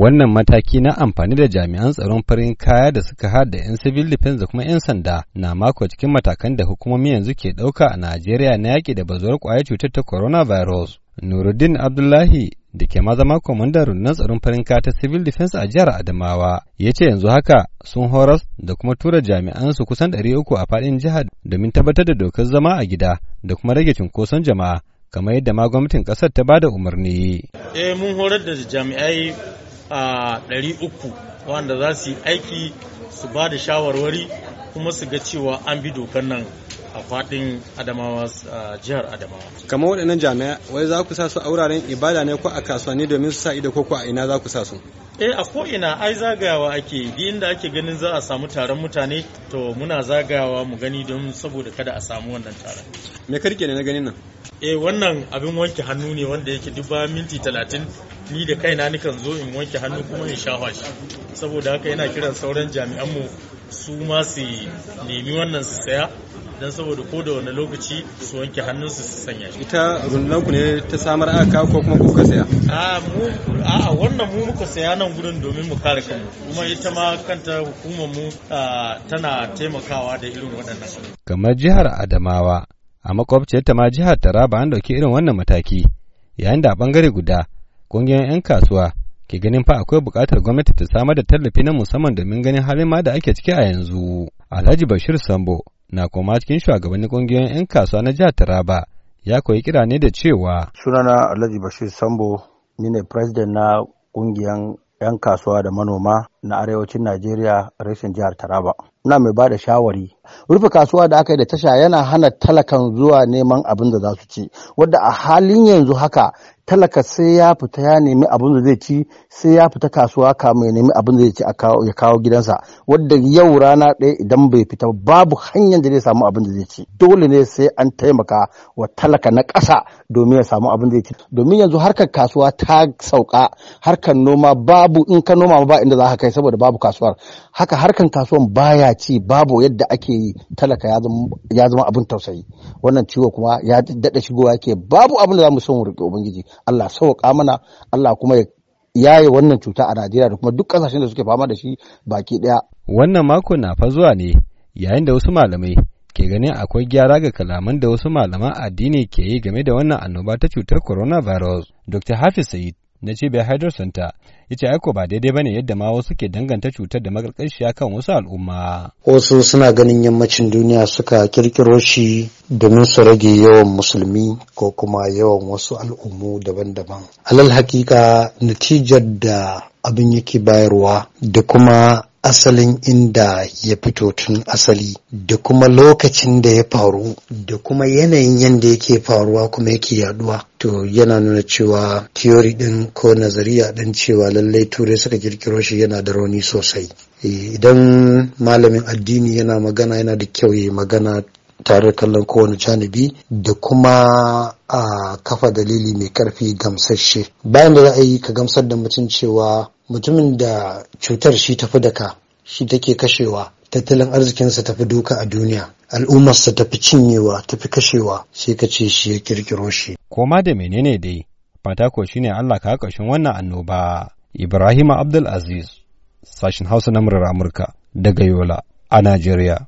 wannan mataki na amfani da jami'an tsaron farin kaya da suka hada 'yan civil defense da kuma 'yan sanda na mako cikin matakan da hukumomi yanzu ke ɗauka a Najeriya na yaƙi da bazuwar ƙwayar cutar ta corona virus. Nuruddin Abdullahi da ke mazama kwamandan rundunar tsaron farin kaya ta civil defense a jihar Adamawa ya ce yanzu haka sun horas da kuma tura jami'an su kusan 300 a faɗin jihar domin tabbatar da dokar zama a gida da kuma rage cunkoson jama'a kamar yadda ma gwamnatin ƙasar ta bada umarni. Eh mun horar da jami'ai a 300 wanda za su yi aiki su ba da shawarwari kuma su ga cewa an bi dokar nan a fadin adamawa jihar adamawa kamar waɗannan jami'a wai za ku sa su a wuraren ibada ne ko a kasuwanni domin su sa ido ko ko a ina za ku sa su eh a ko ina ai zagayawa ake duk inda ake ganin za a samu taron mutane to muna zagayawa mu gani don saboda kada a samu wannan taron me karke ne na ganin nan eh wannan abin wanke hannu ne wanda yake duk bayan minti talatin ni da kaina nikan zo in wanke hannu kuma in shafa shi saboda haka yana kiran sauran jami'an mu su ma su nemi wannan su saya don saboda ko da wani lokaci su wanke hannunsu su sanya shi. Ita rundunar ku ne ta samar aka ko kuma kuka saya? A mu a wannan mu muka saya nan gurin domin mu kare kanmu kuma ita ma kanta hukumar mu tana taimakawa da irin waɗannan. Kamar jihar Adamawa a makwabciyarta ma jihar Taraba an dauki irin wannan mataki yayin da a bangare guda kungiyoyin 'yan kasuwa ke ganin fa akwai buƙatar gwamnati ta samar da tallafi na musamman domin ganin halin ma da ake ciki a yanzu. Alhaji Bashir Sambo na koma cikin shugabannin ƙungiyoyin 'yan kasuwa na jihar Taraba ya koyi kira ne da cewa. Sunana Alhaji Bashir Sambo ni ne president na ƙungiyar 'yan kasuwa da manoma na arewacin Najeriya rashin jihar Taraba. na mai bada shawari rufe kasuwa da aka yi da tasha yana hana talakan zuwa neman abin da za su ci wadda a halin yanzu haka talaka sai ya fita ya nemi abin da zai ci sai ya fita kasuwa ka mai nemi abin da zai ci ya kawo gidansa wadda yau rana ɗaya idan bai fita babu hanyar da zai samu abin da zai ci dole ne sai an taimaka wa talaka na ƙasa domin ya samu abin da zai ci domin yanzu harkar kasuwa ta sauka harkar noma babu in ka noma ba inda za ka kai saboda babu kasuwar haka harkar kasuwan baya ci babu yadda ake yi talaka ya zama abin tausayi wannan ciwo kuma ya daɗa shigowa yake babu abin da za mu so mu riƙe ubangiji Allah sauƙa mana Allah kuma ya yi wannan cuta a Najeriya da kuma duk ƙasashen da suke fama da shi baki ɗaya. Wannan mako na fa zuwa ne yayin da wasu malamai ke ganin akwai gyara ga kalaman da wasu malaman addini ke yi game da wannan annoba ta cutar coronavirus. Dr. Hafiz Said na cibiyar hydrocenter ya ce aiko ba daidai bane yadda ma wasu ke danganta cutar da maƙarƙashiya kan wasu al'umma wasu suna ganin yammacin duniya suka kirkiro shi domin su rage yawan musulmi ko kuma yawan wasu al'ummu daban-daban alal hakika natijar da abin yake bayarwa da kuma asalin inda ya fito tun asali da kuma lokacin da ya faru da kuma yanayin yadda yake faruwa kuma yake yaduwa to yana nuna cewa theory din ko nazariya din cewa lallai turai suka kirkiro shi yana da rauni sosai eh, idan malamin addini yana magana yana da kyau ya magana tare kallon kowane janibi da kuma a kafa dalili mai karfi gamsashe bayan da za a yi ka gamsar da mutum cewa mutumin da cutar shi tafi da ka shi take kashewa tattalin arzikinsa tafi duka a duniya al'ummarsa tafi cinyewa tafi kashewa sai ka ce shi ya kirkiro shi koma da menene dai fata ko shine Allah ka kashin wannan annoba Ibrahim Abdul Aziz sashin Hausa na murar Amurka daga Yola a Najeriya